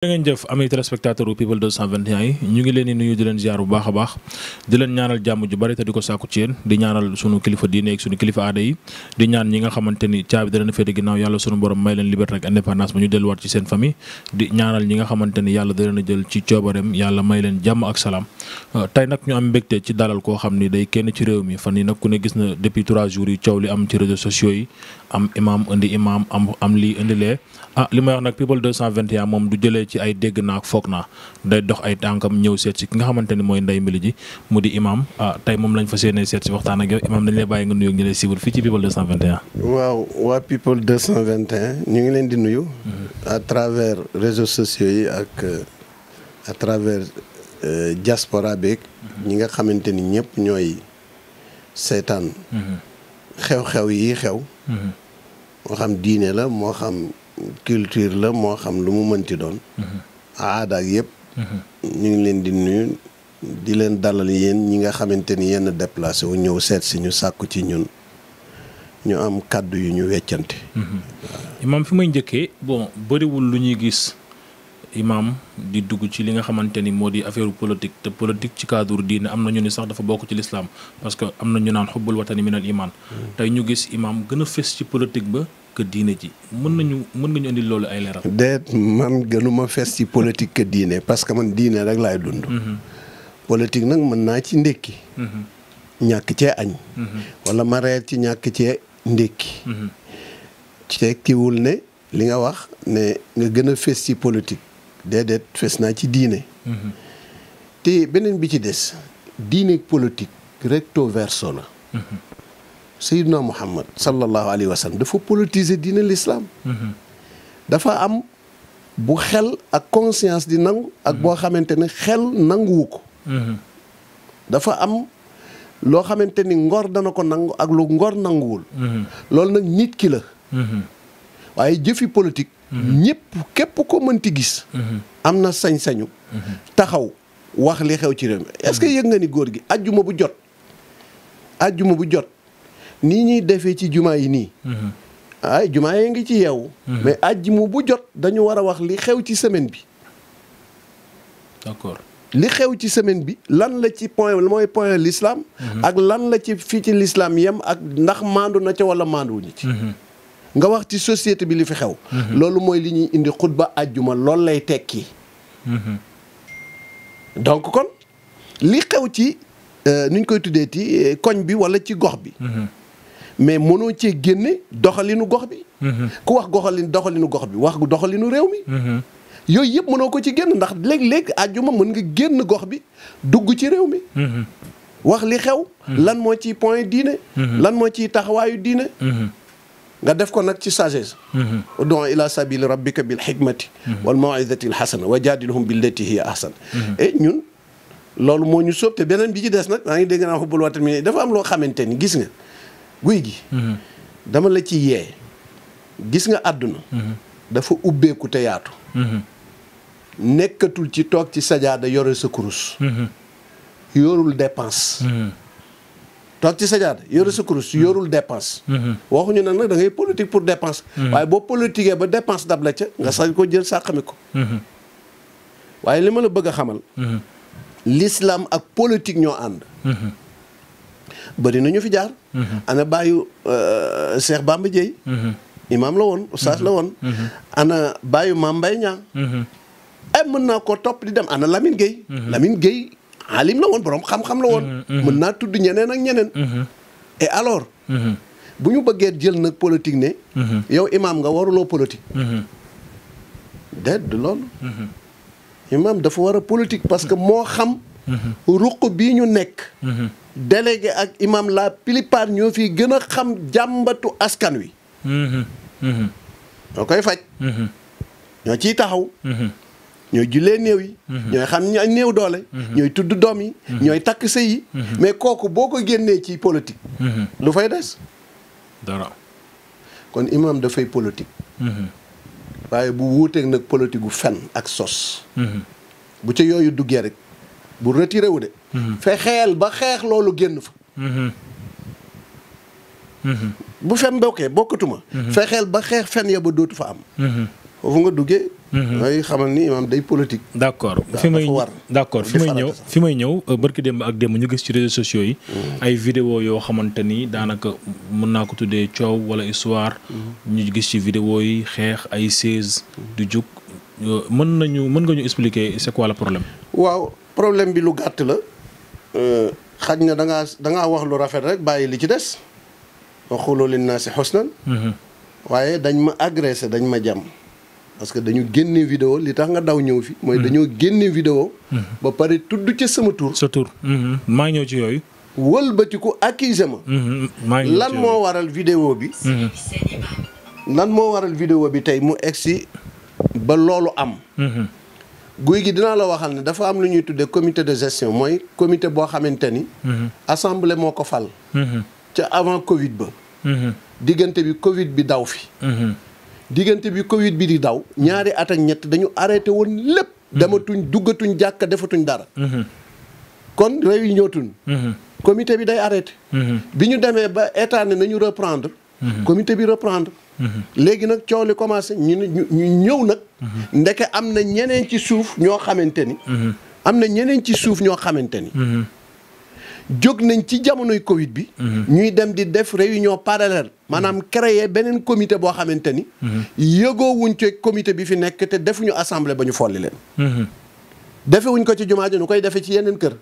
da ngeen jëf ami téléspectateur u ñu ngi leen di nuyu di leen ziar bu baax a baax di leen ñaanal jàmm ju bari te di ko sàkku ci yéen di ñaanal sunu kilifa diine ak sunu kilifa aada yi di ñaan ñi nga xamante ni caabi da leen féete ginnaaw yàlla sunu borom may leen liberté ak indépendance ba ñu delluwaat ci seen famille ñaanal ñi nga xamante ni yàlla da a jël ci coobareem yàlla may leen jàmm ak salaam euh, tey nag ñu am mbégte ci dalal koo xam ni day kenn ci réew mi fan yi nag ku ne gis na depuis trois jours yi li am ci réseaux sociaux yi am imaam indi imaam am am lii indi lee ah li may wax nag people 221 moom du jëlee ci ay dégg naa foog naa day dox ay tànkam ñëw seet si ki nga xamante ni mooy Ndeye Mbili ji mu di imaam ah tey moom lañ fas yéene seet si waxtaan ak yow imaam dañ lay bàyyi nga nuyu ñu lay siiwal fii ci people 221. waaw waa people 221 ñu ngi leen di nuyu. Mm-hmm. à travers réseaux sociaux yi ak à travers euh, diaspora beeg. Mm-hmm. ñi nga xamante ni ñëpp ñooy seetaan. Mm-hmm. xew-xew yi xew. moo xam diine la moo xam culture la moo xam lu mu mënti doon mm-hmm. aada ak yëpp mm-hmm. ñu ngi leen di nuyu di leen dalal yéen ñi nga xamante ni yenn déplacé wu ñëw seet si ñu sàkku ci ñun ñu am kàddu yu ñu weccante mm-hmm. imaam fi may njëkkee bo bëriwul lu ñuy gis imaam di dugg ci li nga xamante ni moo di affaire politique te politique ci cadre diine am na ñu ni sax dafa bokk ci lislaam parce que am na ñu naan xubbul watani minal imaan mm. tey ñu gis imaam gën a fës ci politique ba que diine ji mën nañu mën nga ñu indi loolu ay leeral. déet man gënuma fees ci politique que diine parce que man diine rek laay dund. Mhm. politique nag mën naa ci ndékki. Mhm. ñàkk cee añ. Mhm. wala ma reer ci ñàkk cee ndékki. tekkiwul ne li nga wax ne nga gën a fees ci politique déedéet fees naa ci diine. te beneen bi ci des diine politique recto verso la. Seydina Muhammad sallallahu alayhi wa sallam dafa politiser diine l'islam dafa am bu xel ak conscience di nangu ak boo xamante ne xel nanguwu ko dafa am loo xamante ni ngor dana ko nangu ak lu ngor nanguwul loolu nag nit ki la waaye jëfi politique ñëpp képp ko mënti gis am na sañ-sañu taxaw wax li xew ci réew mi est-ce que yëg nga ni góor gi ajjuma bu jot ajjuma bu jot nii ñuy defee ci jumaa yi nii. Mhm. ay jumaa yee ngi ci yeewu. Mhm. mais àjjuma bu jot dañu war a wax li xew ci semaine bi. d'accord li xew ci semaine bi lan la ci point mooy point l'islam mhm. ak lan la ci fii ci lislaam yem ak ndax maandu na ca wala maanduwuñu ci. nga wax ci société bi li fi xew. loolu mooy li ñuy indi xutba àjjuma loolu lay tekki. donc kon li xew ci euh, nuñ koy tuddee ti euh, koñ bi wala ci gox bi. mais mënoo cee génne doxalinu gox bi. Mhm. ku wax goxalin doxalinu gox bi wax doxalinu réew mi. Mhm. yooyu yëpp mënoo ko ci génn ndax léeg-léeg àjjuma mën nga génn gox bi dugg ci réew mi. Mhm. wax li xew. lan moo ciy point diine. lan moo ciy taxawaayu diine. nga def ko nag ci sagesse. udon ila sabili rabbika bil xikmati. wal mawidati l xasana wa jaadilhum billati hiya ahsan. et eh, ñun loolu moo ñu sóob te beneen bi ci des nag maa ngi dégg naa xubbul watan mi dafa am loo xamante ni gis nga. guy gi. dama la ci yee gis nga àdduna. dafa ubbeeku te yaatu. nekkatul ci toog ci sajaada yore sa kurus. yorul dépense. toog ci sajaada yore sa kurus yorul dépense. waxuñu nag nag da ngay pour dépense. waaye boo politiquee ba dépense dab la ca nga sañ ko jël sàqami ko. waaye li ma la bëgg xamal. l'islam ak politique ñoo ànd. bëri na ñu fi jaar. Mhm. ana baayu euh, Cheikh Bamba Dieye. Mhm. imaam la woon oustaz la mhm. woon. ana baayu Mame Mbaye Niang. ay eh, mën naa koo topp di dem ana Lamine Gueye. Lamine Gueye alim la woon borom xam-xam la woon. mën naa tudd ñeneen ak ñeneen. et bu ñu bëggee jël nag politique ne. yow imaam nga waruloo politique. déet loolu. imaam dafa war a politique parce moo xam. ruq bii ñu nekk. Mhm. délégué ak imam la plupart ñoo fi gën a xam jàmbatu askan wi. Mhm. Mhm. ñoo koy faj. ñoo ciy taxaw. ñooy jullee néew yi. ñooy xam ña néew doole. ñooy tudd doom yi. ñooy takk sëy yi. mais kooku boo ko génnee ci politique. lu fay des. dara kon imam dafay politique. waaye bu wuuteeg nag politique gu fen ak sos. bu ca yooyu duggee rek. bu retiré wu de. Mhm. fexeel ba xeex loolu génn fa. Mhm. Mhm. bu fen bokkee bokkatuma. fexeel ba xeex fen ya ba dootu fa am. foofu nga duggee. mooy xamal ni maanaam day politique. d' accord fi may d' accord fi may ñëw fi may ñëw barki démb ak démb ñu gis ci réseaux sociaux yi. ay vidéo yoo xamante ni daanaka mën naa ko tuddee coow wala histoire. ñu gis ci vidéo yi xeex ay 16. du jug euh, mën nañu mën nga ñu expliquer c' est problème. waaw problème bi lu gàtt la euh, xaj na da ngaa wax lu rafet rek bàyyi li ci des waxuloo lin naa si xusnan mhm. waaye dañ ma agressé dañ ma jàmm parce que dañu génne vidéo li tax nga daw ñëw fi mooy mhm. dañoo génne vidéo mhm. ba pare tudd ca sama tur sa tur maa ñëw ci yooyu wëlbatiku accusé ma lan moo waral vidéo bi lan moo waral vidéo bi tey mu egsi ba loolu am guy gi dinaa la waxal ne dafa am lu ñuy tuddee comité de gestion mooy comité boo xamante ni. Mhm. assemblée moo ko fal. Mhm. ca avant Covid ba. Mhm. diggante bi Covid bi daw fi. diggante bi Covid bi di daw ñaari at ñett dañu arrêté woon lépp. dematuñ duggatuñ jàkka defatuñ dara. kon réunion tuñ. comité bi day arrêté. bi ñu demee ba état nañu reprendre. comité bi reprendre. léegi nag coow li commencé ñu ne ñu ñëw nag. ndeke am na ñeneen ci suuf ñoo xamante ni. am na ñeneen ci suuf ñoo xamante ni. jóg nañ ci jamonoy Covid bi. ñuy dem di def ñoo parallèle maanaam créer beneen comité boo xamante ni. yëgoo wuñ ci comité bi fi nekk te defuñu assemblée ba ñu folli leen. defewuñ ko ci jumaa ji nu koy defee ci yeneen kër.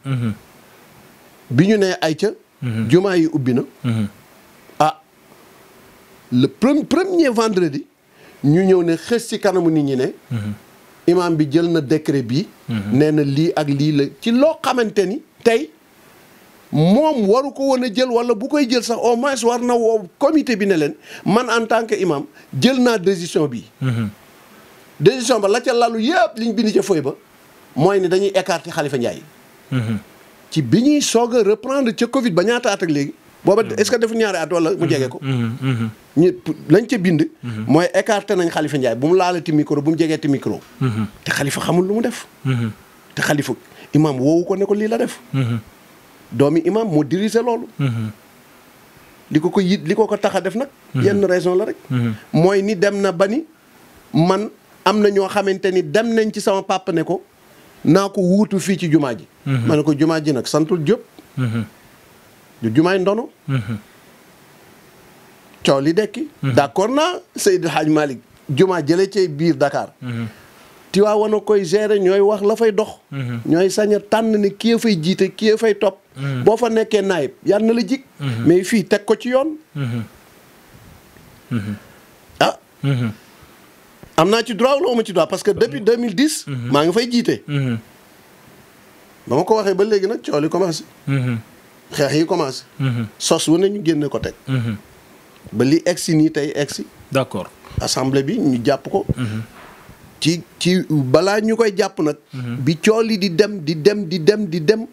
bi ñu nee ay ca. jumaa yi ubbi na. le premier vendredi ñu ñëw ne xës ci kanamu nit ñi ne. Mm-hmm. imam bi jël na décret bi. Mm-hmm. nee na lii ak lii la ci loo xamante ni tey moom waru ko woon jël wala bu koy jël sax au moins war na woo comité bi ne leen man en tant que imam jël naa décision bi. Mm-hmm. décision ba la ca lalu yëpp liñ bind ca fooy ba mooy ne dañuy écarter Khalifa Ndiaye. ci bi ñuy soog a reprendre ca Covid ba ñaata at ak léegi. booba mm-hmm. est-ce que defu ñaari at wala mu jege ko. Mm-hmm. Mm-hmm. ñu lañ ca bind. mooy écarté nañ Khalifa Ndiaye bu mu laalati micro bu mu jegeeti micro. te Khalifa xamul lu mu def. te Khalifa imaam woowu ko ne ko lii la def. doomi imaam moo dirigé loolu. li ko ko yit li ko ko tax a def nag. yenn raison la rek. mooy ni dem na ba ni man am na ñoo xamante ni dem nañ ci sama papa ne ko naa ko wuutu fii ci jumaa ji. ma ko jumaa ji nag santul Diop. du jumaay ndono coow li dekki d'accord naa Seydil Hadj Malick jumaa jële ci biir Dakar Tiwaawan a koy gérer ñooy wax la fay dox ñooy saña tànn ne kii fay jiite kii fay topp boo fa nekkee naayib yal na la jig mais fii teg ko ci yoon ah am naa ci droit wala ma ci droit parce que depuis mille 2010 maa ngi fay jiite ba ko waxee ba léegi nag coow li commencé xeex yi commencé. Mhm. sos wu ne ñu génne ko teg. Mhm. ba li egg si nii tey egg si. d'accord assemblée bi ñu jàpp ko. Mhm. ci ci balaa ñu koy jàpp nag. bi cool yi di dem di dem di dem di dem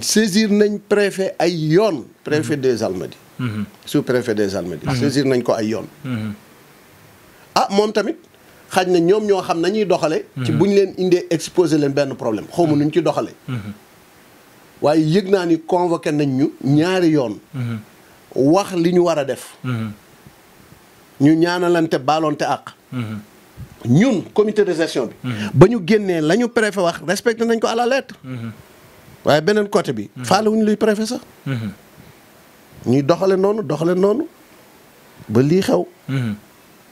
saisir nañ préfet ay yoon. préfet des Almadies. sous préfet des Almadies. saisir nañ ko ay yoon. ah moom tamit xaj na ñoom ñoo xam nañuy doxale ci bu ñu leen indee exposé leen benn problème xaw ma nu ñu ci doxalee. waaye yëg naa ni convoqué nañ ñu ñaari yoon. wax li ñu war a def. ñu ñaanalante baalonte àq. ñun comité de gestion bi. ba ñu génnee la ñu wax respecté nañ ko à la lettre. waaye beneen côté bi. faale wuñ luy préfet sax. ñuy doxale noonu doxale noonu ba lii xew.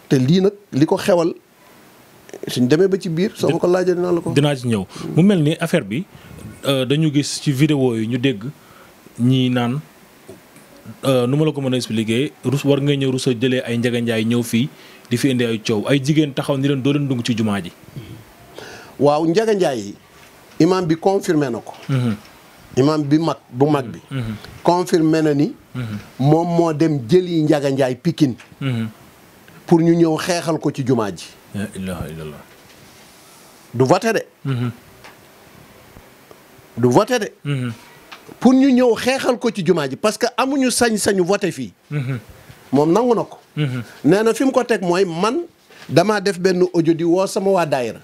te lii nag li ko xewal suñ demee ba ci biir. soo ko laajee dinaa la ko. dinaa ci ñëw mu mel ni affaire bi. Euh, dañu gis ci vidéo yi ñu dégg ñii naan euh, nu ma la ko mën a expliquer rus war nga ñëw rus a jëlee ay njaganjaay ñëw fii di fi indi ay coow ay jigéen taxaw ni leen doo leen dugg ci jumaa ji. waaw njaganjaay yi imaam bi confirmé na ko. Mhm. imaam bi mag bu mag bi. Mhm. Mhm. confirmé na ni. moom moo dem jëli njaganjaay Pikine. pour ñu ñëw xeexal ko ci jumaa ji. du voté de. du voté de. Mm-hmm. pour ñu ñëw xeexal ko ci jumaa ji parce que amuñu sañ-sañu voté fii. Mm-hmm. moom nangu na ko. Mm-hmm. nee na fi mu ko teg mooy man damaa def benn audio di woo sama waa daayira.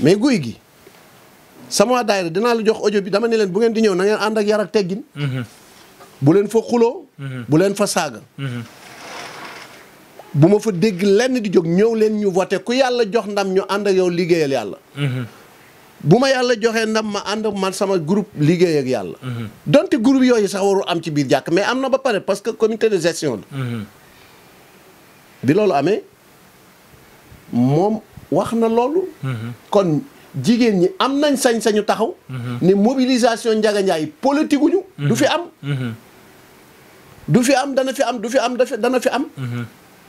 mais guy gi sama waa daayira dinaa la jox audio bi dama ne leen bu ngeen di ñëw na ngeen ànd ak yar ak teggin. bu leen fa xuloo. bu leen fa saaga. bu ma fa dégg lenn di jóg ñëw leen ñu voté ku yàlla jox ndam ñu ànd ak yow liggéeyal yàlla. bu ma yàlla joxee ndam ma ànd man sama groupe liggéey ak yàlla. Mm-hmm. donte groupe yooyu sax warul am ci biir jàkk mais am na ba pare parce que comité de gestion la. Mm-hmm. bi loolu amee moom wax na loolu. Mm-hmm. kon jigéen ñi am nañ sañ-sañu taxaw. ne mobilisation Ndiaga Ndiaye politique ñu. du fi am. du fi am dana fi am du fi am dana fi am.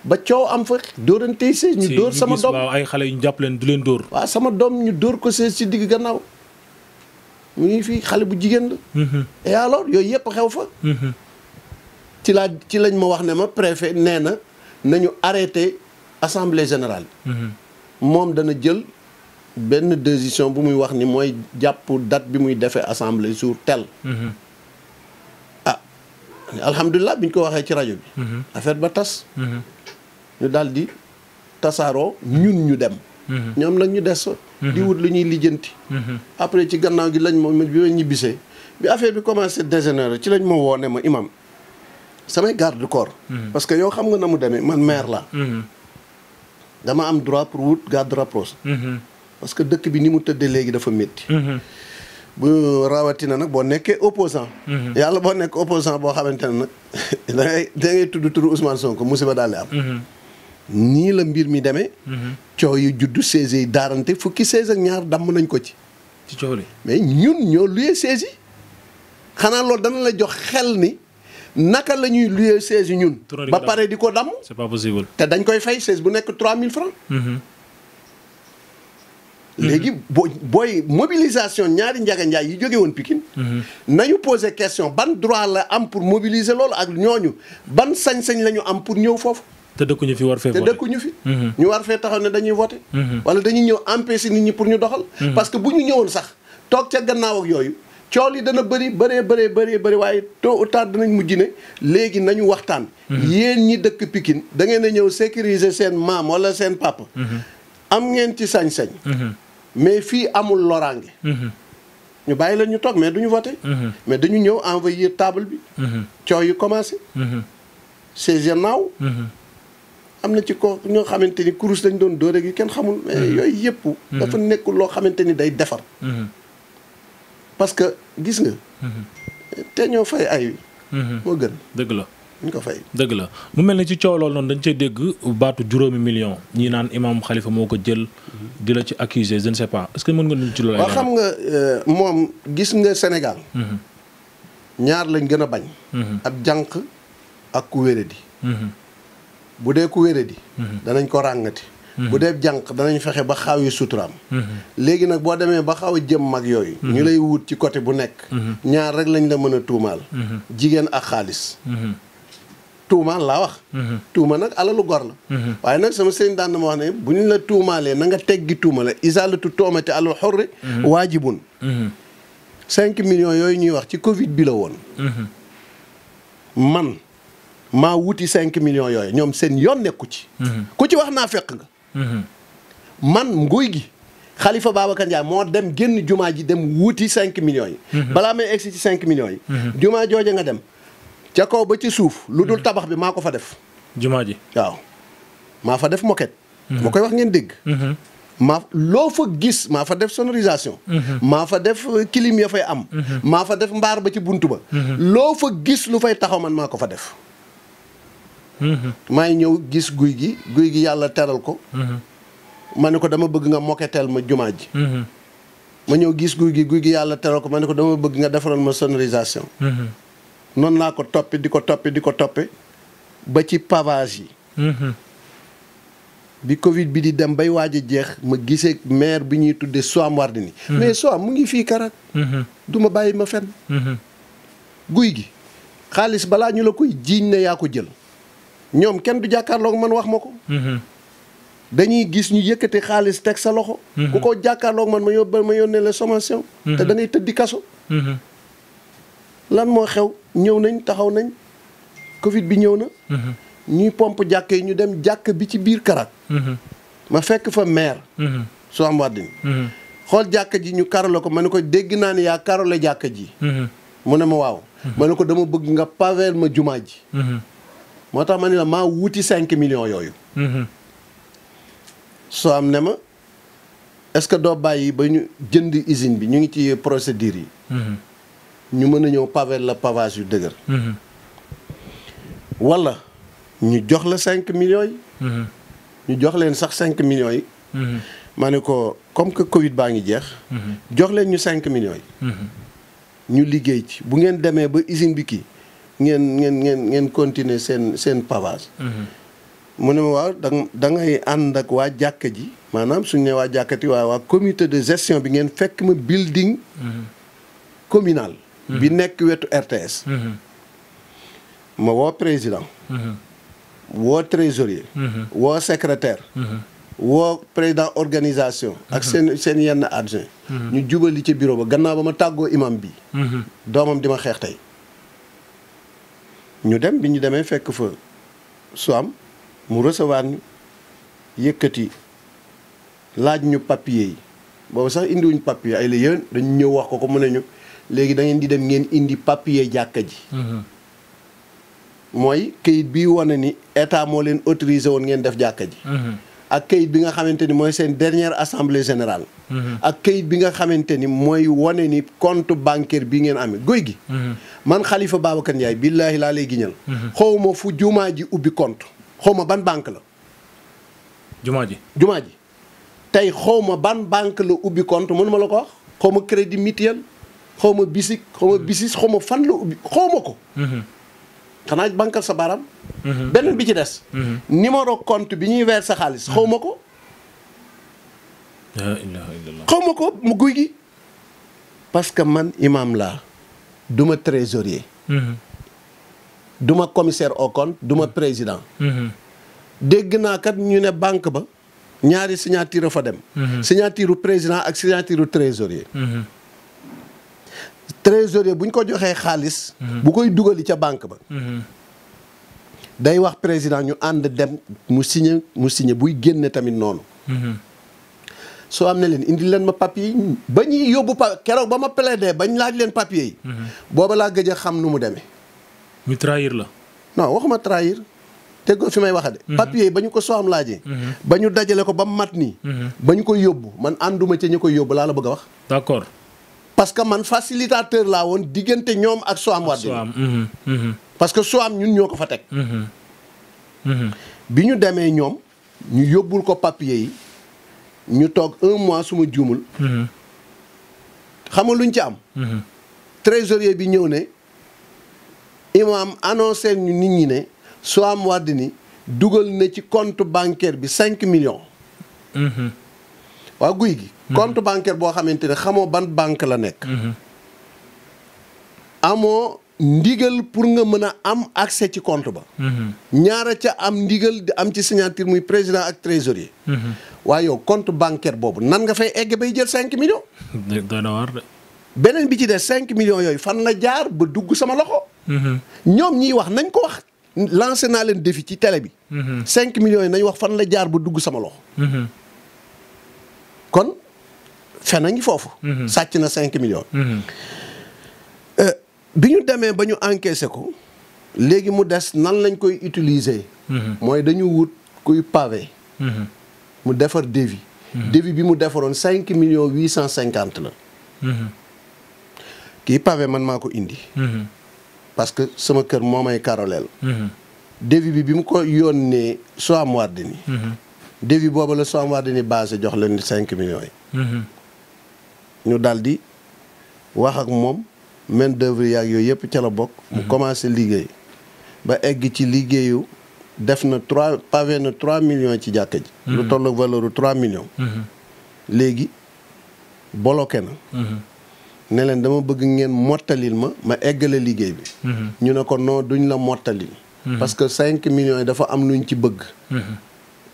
ba coow am fa dóorante sees ñu dóor sama doom ay xale yu ñu jàpp leen leen dóor waaw sama doom ñu dóor ko sees ci digg gannaaw mu ngi fii xale bu jigéen la mm-hmm. et alors yooyu yëpp xew fa mm-hmm. ci laa ci lañ ma wax ne ma préfet nee na nañu arrêté assemblée générale mm-hmm. moom dana jël benn désision bu muy wax ni mooy jàpp dat bi muy defee assemblée jour tel ah alhamdulilah bi ñu ko waxee ci rajo bi affaire ba tas ñu daal di tasaaroo ñun ñu dem. Mhm. ñoom nag ñu des. Mhm. di wut lu ñuy lijjanti. Mhm. après ci gannaaw gi lañ ma bi ma ñibbisee bi affaire bi commencé dégénérer ci lañ ma woo ma imam samay garde corps. parce que yow xam nga na mu demee man maire la dama am droit pour wut garde rapproché. parce que dëkk bi ni mu tëddee léegi dafa métti. bu rawatina nag boo nekkee opposant yàlla boo nekk opposant boo xamante ne nag da ngay da ngay tudd turu musiba daal am. nii la mbir mi demee. Mhm. coow yu juddu saisi yi daarante fukki saisi ak ñaar damm nañ ko ci. ci coow li mais ñun ñoo luyee saisi xanaa loolu dana la jox xel ni naka lañuy ñuy luyee saisi ñun. ba pare di ko damm. c'est pas te dañ koy fay saisi bu nekk 3000 francs mhm. Mhm. léegi boo booy mobilisation ñaari njaga njaay yi jóge woon Pikine nañu posé question ban droit la am pour mobiliser loolu ak ñooñu ban sañ-sañ la am pour ñëw foofu. te dëkkuñu fi war fee voté te fi. Mhm. ñu war fee taxaw ne dañuy voté. Mhm. wala dañuy ñëw empêcher nit ñi pour ñu doxal. Mhm. parce que bu ñu ñëwoon sax toog ca gannaaw ak yooyu cool yi dana bëri bëree bëree bëree bëri waaye tôt ou tard danañ mujj ne léegi nañu waxtaan. yéen ñi dëkk Pikine da ngeen a ñëw sécuriser seen maam wala seen papa. am ngeen ci sañ-sañ. mais fii amul loraange. ñu bàyyi la ñu toog mais du ñu voté. mais dañu ñëw envoyer table bi. coow yi commencé. c'est naaw am na ci ko ñoo xamante ni kurus lañ doon dóor ak yu kenn xamul. mais mm-hmm. yooyu yëpp. Mm-hmm. dafa nekkul loo xamante ni day defar. Mm-hmm. parce que gis nga. te ñoo fay ay. moo gën dëgg la. ñu ko fay dëgg la mu mel ni ci coow loolu dañ cee dégg baatu juróomi million ñi naan imam xalifa moo ko jël. di la ci accuser je ne pas est que mën nga nuñ ci loolu. waaw xam nga euh, moom gis nga Sénégal. ñaar lañ gën a bañ. ab jànq ak ku wéradi. bu dee ku wéradi mhm. danañ ko ràngati mhm. bu dee jànq danañ fexe ba xaaw yi suturaam mhm. léegi nag boo demee ba xaw a jëm mag yooyu ñu lay wut ci côté bu nekk ñaar rek lañ la mën a tuumaal jigéen ak xaalis tuumaal laa wax tuuma nag alalu gor la waaye nag sama sëñ daan na ma wax ne bu ñu la tuumaalee na nga teggi tuuma la isaalatu toomate alal xorri waajibun cinq million yooyu ñuy wax ci covid bi la woon man maa wuti cinq million yooyu ñoom seen yoon nekku ci. Mhm. ku ci wax naa fekk nga. Mhm. man nguy gi xalifa Babacar Ndiaye moo dem génn jumaa ji dem wuti cinq million yi. Mhm. balaa may egsi ci cinq millions yi. jumaa jooja nga dem ca kaw ba ci suuf lu dul tabax bi maa ko fa def. jumaa ji waaw maa fa def moquette. ma koy wax ngeen dégg. maa loo fa gis maa fa def sonorisation. maa fa def kilim euh, ya fay am. maa fa def mbaar ba ci bunt ba. loo fa gis lu fay taxaw man maa ko fa def. maay ñëw gis guy gi guy gi yàlla teral ko. ma ne ko dama bëgg nga moketeel ma jumaa ji. ma ñëw gis guy gi guy gi yàlla teral ko ma ne ko dama bëgg nga defaral ma sonorisation. noonu laa ko toppi di ko toppi di ko toppi ba ci pavage yi. bi Covid bi di dem bay waaj a jeex ma gisee maire bi ñuy tuddee Soham Wardini mais Soham mu ngi fii Karak. du ma bàyyi ma fenn. guy gi xaalis balaa ñu la koy jiiñ ne yaa ko jël. ñoom kenn du jàkkaarloog man wax ma ko. Mm-hmm. dañuy gis ñu yëkkati xaalis teg sa loxo. Mm-hmm. ku ko jàkkaarloog man ma yóbbal ma yónnee la sommation. Mm-hmm. te da ngay tëddi kaso. lan moo xew ñëw nañ taxaw nañ Covid bi ñëw na. ñuy pompe jàkk yi ñu dem jàkk bi ci biir Karak. ma fekk fa maire. su am wàddin xool jàkk ji ñu karole ko ma ne ko dégg naa ne yaa karole jàkk ji. mu ne ma waaw. ma ne ko dama bëgg nga pavel ma jumaa ji. moo tax ma ne la ma wuti cinq millions yooyu. Mhm. soo am ne ma est-ce que doo bàyyi ba ñu jënd usine bi ñu ngi ci procédure yi. Mhm. ñu mën a ñëw paver la pavage yu dëgër. Mhm. wala ñu jox la cinq millions yi. ñu jox leen sax cinq millions yi. ma ne ko comme que Covid baa ngi jeex. jox leen ñu cinq millions yi. ñu liggéey ci bu ngeen demee ba usine bi kii. ngeen ngeen ngeen ngeen continuer seen seen pavage. Mhm. mu ne ma waaw da da ngay ànd ak waa jàkka ji maanaam suñu ne waa jàkkati waa waa comité de gestion bi ngeen fekk ma building. Mhm. communal. bi mhm. nekk wetu RTS. ma woo président. woo trésorier. woo secrétaire. woo président organisation. ak seen seen yenn adjoint. ñu jubali ci bureau ba gannaaw ba ma tàggoo imam bi. doomam di ma xeex tey. ñu dem bi ñu demee fekk fa su am mu recevoir ñu yëkkati laaj ñu papier yi boobu sax indiwuñ papier ay la yéen dañu ñëw wax ko ko mën ne ñu léegi da ngeen di dem ngeen indi papier jàkka ji. Mm-hmm. mooy këyit bi wane ni état moo leen autorisé woon ngeen def jàkka ji. Mm-hmm. ak kayit bi nga xamante ni mooy seen dernière assemblée générale. Mm-hmm. ak kayit bi nga xamante ni mooy wane ni compte bancaire bi ngeen amee guy gi. Mm-hmm. man Khalifa Babacar Ndiaye billaahi laa lay giñal. Mm-hmm. xaw ma fu jumaa ji ubbi compte xaw ma ban banque la. jumaa ji jumaa ji tey xaw ma ban banque la ubbi compte mënuma la ko wax xaw ma crédit mutuel xaw ma bisik xaw ma bisis xaw ma fan la ubbi xaw ma ko. xanaa banque sa baram mhm. benn bi ci des. Mhm. numéro compte bi ñuy weer sa xaalis xaw ma ko. la xaw ma ko mu guy gi. parce que man imam laa du ma trésorier. Mhm. du ma commissaire au compte du ma président. dégg naa kat ñu ne banque ba ñaari signature fa dem. signature président ak signature trésorier. trésorier bu ñu ko joxee xaalis. Mhm. bu koy dugali ca banque ba. Mhm. day wax président ñu ànd dem mu signé mu signé buy génne tamit noonu. Mhm. soo am na leen indi leen ma papier yi ba ñuy yóbbu pa keroog ba ma plaidé ba ñu laaj leen papier yi. booba laa gëj a xam nu mu demee. ñu trahir la. non waxuma trahir teggo fi may waxa de papier yi ba ñu ko soo am laajee. ba ñu dajale ko ba mat ni ba ñu koy yóbbu man ànduma ca ñu koy yóbbu laa la bëgg a wax. parce que man facilitateur laa woon diggante ñoom ak Soham Wardini mhm, mhm. parce que Soham ñun ñoo ko fa teg mhm, bi ñu demee ñoom ñu yóbbul ko papier yi ñu toog un mois suma juumul xam nga luñ ci am trésorier bi ñëw ne imam annoncé ñu nit ñi ne Soham Wardini dugal na ci compte bancaire bi cinq millions waa guy gi compte bancaire boo xamante ne xamoo ban banque la nekk. amoo ndigal pour nga mën a am accès ci compte ba. ñaara ca am ndigal di am ci signature muy président ak trésorier. waaye yow compte bancaire boobu nan nga fay egg bay jël cinq millions. beneen bi ci de cinq millions yooyu fan la jaar ba dugg sama loxo. ñoom ñiy wax nañ ko wax. lancé naa leen defi ci télé bi. Mhm. cinq millions yi nañ wax fan la jaar ba dugg sama loxo. kon fen a ngi foofu. Mhm. sàcc na cinq millions. Mhm. Euh, bi ñu demee ba ñu encaissé ko léegi mu des nan lañ koy utiliser. Mhm. mooy dañu wut kuy pavé. mu defar devis. devis bi mu defaroon cinq millions huit cent cinquante la. kii pavé man maa ko indi. parce que sama kër moo may karoleel. devis bi bi mu ko yónnee Soham Wardini. devis boobu la Soham Wardini basé jox leen cinq millions yi. ñu daal di wax ak moom main d'œuvre yaag yooyu yëpp ca la bokk. mu mhm. commencé liggéey ba egg ci liggéeyu def na trois pavé na trois millions ci jàkka ji. Mhm. lu tolloog valeur trois millions. Mhm. léegi boloké na. ne leen dama bëgg ngeen mottalil ma ma eggale liggéey bi. ñu ne ko non duñ la mottalil. parce que cinq millions yi dafa am luñ ci bëgg.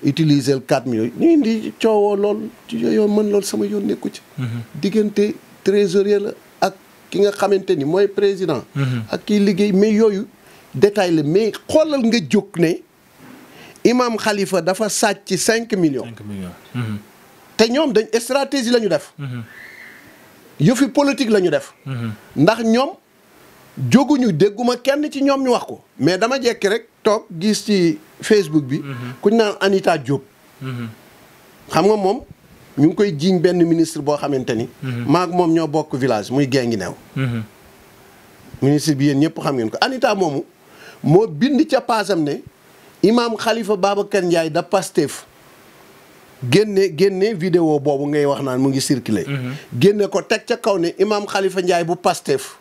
utiliser quatre millions ñu indi coowoo lool yooyu mën lool sama yoon nekku ci. Mhm. diggante trésorier la ak ki nga xamante ni mooy président. Mhm. ak ki liggéey mais yooyu détail la mais xoolal nga jóg ne imam Khalifa dafa sàcc cinq millions. cinq millions. Mhm. te ñoom dañ stratégie lañu ñu def. yëfi politique la ñu def. ndax ñoom. jóguñu dégguma kenn ci ñoom ñu wax ko mais dama jekk rek toog gis ci Facebook bi. Mhm. kuñ naa Anita Diop. Mhm. xam nga moom ñu ngi koy jiiñ benn ministre boo xamante ni. Mhm. maag moom ñoo bokk village muy Guinguinéo. ministre bi yéen ñëpp xam ngeen ko Anita moomu moo bind ca paasam ne imaam xalifa Babacar Ndiaye da Pastef génne génne vidéo boobu ngay wax naan mu ngi circulé. génne ko teg ca kaw ne imaam xalifa Ndiaye bu Pastef.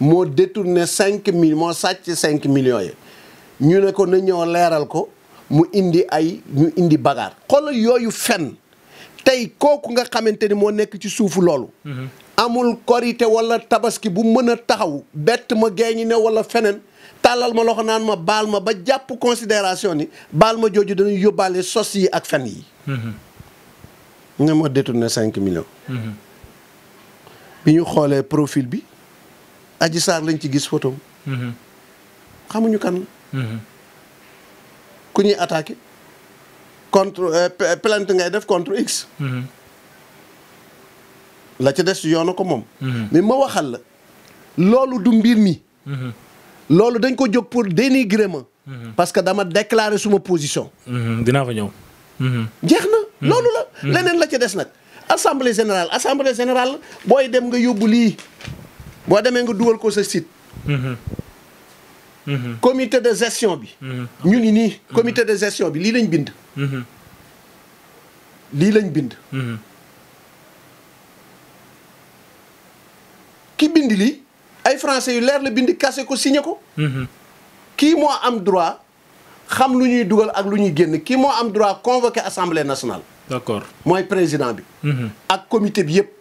moo ne cinq mille moo sàcc cinq millions yi ñu ne ko na ñëw leeral ko mu indi ay ñu indi bagaar xoolal yooyu fen tey kooku nga xamante ni moo nekk ci suufu loolu mm-hmm. amul korité wala tabaski bu mën a taxaw bett ma geeñi ne wala feneen tàllal ma loxo naan ma baal ma ba jàpp considération ni baal ma jooju dañuy yóbbaale sos yi ak fen yi mm-hmm. ne ma détourné cinq millions mm-hmm. bi ñu xoolee profil bi aji saar lañ ci gis photo mhm. xamuñu kan la mhm. ku ñuy attaqué contre euh, plainte ngay def contre x mhm. la ca des yoona ko moom mais ma waxal la loolu du mbir mi loolu dañ ko jóg pour dénigrer ma parce que dama déclarer suma position dinaa fa ñëw jeex na loolu la leneen la ca des nag assemblée générale assemblée générale booy dem nga yóbbu lii boo demee nga dugal ko sa site. Mhm. Mhm. comité de gestion bi. Mhm. ñu ngi nii comité de gestion bi lii lañ bind. lii lañ bind. ki bind lii ay français yu leer la bind kase ko signé ko. kii moo am droit xam lu ñuy dugal ak lu ñuy génn kii moo am droit convoquer assemblée nationale. d'accord mooy président bi. ak comité bi yépp.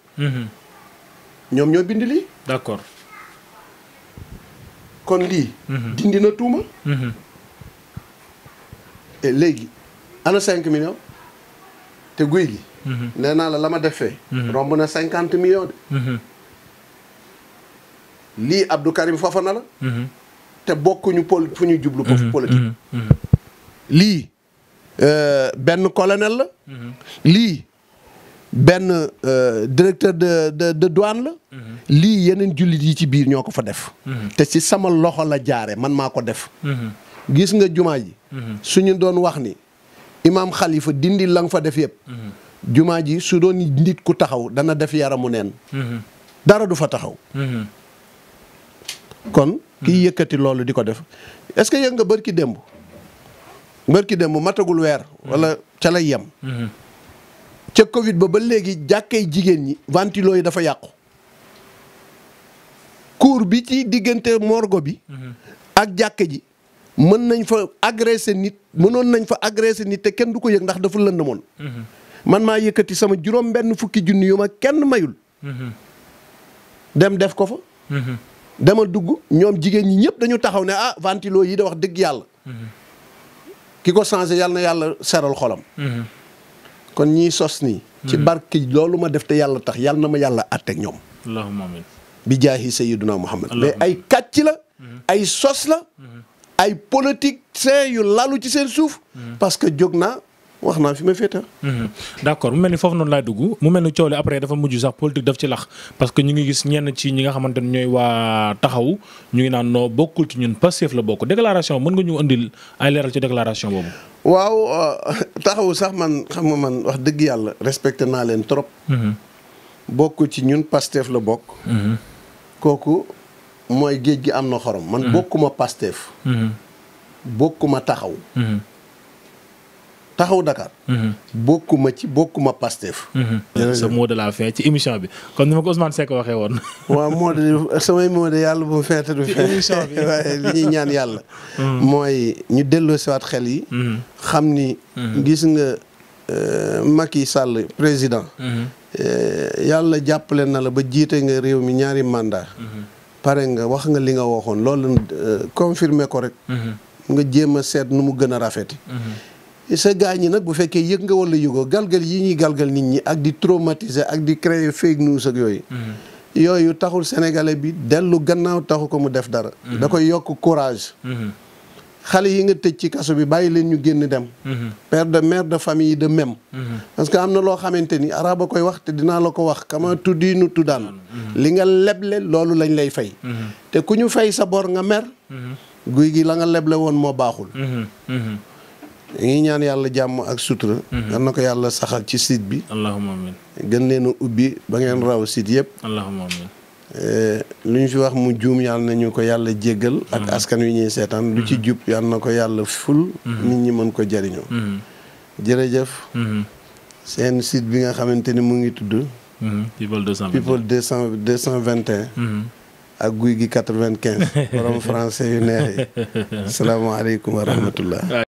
ñoom ñoo bind lii. d'accord kon lii. Mhm. dindi na tuuma. Mhm. et léegi ana 5 millions te guy gi. Mhm. nee naa la la ma defee. romb na 50 millions de. lii Abdou Karim Fofana la. te bokkuñu pol fu ñu jublu. politique lii euh, benn colonel la. lii benn euh, directeur de de de douane la. lii yeneen jullit yi ci biir ñoo ko fa def. Mhm. te ci sama loxo la jaare man maa ko def. Mhm. gis nga jumaa ji. Mhm. suñu doon wax ni imaam xalifa dindi la nga fa def yëpp. jumaa ji su doon nit ku taxaw dana def yaramu neen. dara du fa taxaw. kon kiy yëkkati loolu di ko def est-ce que yëg nga bërki démb. bërki démb matagul weer. wala ca lay yem. ca Covid ba ba léegi jàkkee jigéen ñi ventilo yi dafa yàqu. cour bi ci diggante morgo bi. ak jàkka ji. mën nañ fa agressé nit mënoon nañ fa agressé nit te kenn du ko yëg ndax dafa lëndëmoon. man maa yëkkati sama juróom benn fukki junni yu ma kenn mayul. dem def ko fa. dama dugg ñoom jigéen ñi ñëpp dañu taxaw ne ah ventilo yi da wax dëgg yàlla. ki ko changé yàlla yàlla seral xolam. kon ñiy sos nii. ci mhm. barke loolu ma def te yàlla tax yàlla na ma yàlla àtteeg ñoom. bi jaahi sayyiduna Muhammad mais ay kàcc la ay sos la ay politique seen yu lalu ci seen suuf parce que jóg naa wax naa fi ma féeta mhm. d' accord mu mel ni foofu noonu laay dugg mu mel ni coow li après dafa mujj sax politique daf ci lax parce que ñu ngi gis ñenn ci ñi nga xamante ne ñooy waa taxaw ñu ngi naan noo bokkul ci ñun Pastef la bokk déclaration mën nga ñu indil ay leeral ci déclaration boobu. waaw euh, taxaw sax man xam nga man wax dëgg yàlla respecté naa leen trop. Mhm. bokk ci ñun la bokk. Mhm. kooku mooy géej gi am na xorom. man mhm. bokkuma Pastef. Mhm. bokkuma taxaw. Mhm. taxaw Dakar. bokkuma ci bokkuma Pastef. sa mot de la fin ci émission bi comme ni ma ko Ousmane Seck waxee woon. waaw moo de samay moo yàlla bu mu feete du feete émission waaye li ñuy ñaan yàlla. mooy ñu delloo siwaat xel yi. xam ni. gis nga euh, Macky Sall président. Eh, yàlla jàppale na la ba jiite nga réew mi ñaari mandat mhm. pare nga wax nga li nga waxoon loolu eh, confirmer ko rek mhm. nga jéem a seet nu mu gën a rafeti mhm. sa gaañ yi nag bu fekkee yëg nga wala yëgoo galgal yi ñuy galgal nit ñi ak di traumatiser ak di créer fake news ak yooyu yooyu taxul sénégalais bi dellu gannaaw taxu ko mu def dara da koy yokk courage xale yi nga tëj ci kaso bi bàyyi leen ñu génn dem mhm. père de mère de famille de même mhm. parce que am na loo xamante ni a koy wax te dinaa la ko wax kama tuddi nu tuddaan mhm. li nga leble loolu lañ lay fay te ku ñu fay sa bor nga mer guy gi la nga leble woon moo baaxul ngi ñaan yàlla jàmm ak sutura yal na ko yàlla saxal ci site bi allahumma amin gën leen a ubbi ba ngeen raw site yëpp Euh, lu ñu si wax mu juum yàlla nañu ko yàlla jéggal ak mm-hmm. askan wi ñuy seetaan lu ci mm-hmm. jub yàlla na ko yàlla ful mm-hmm. nit ñi mën ko jëriñoo jërëjëf seen site bi nga xamante ni mu ngi tudd people deux cent deux cent vingt et un ak guy gi quatre vingt quinze borom français yu neex yi salaamaaleykum wa rahmatullah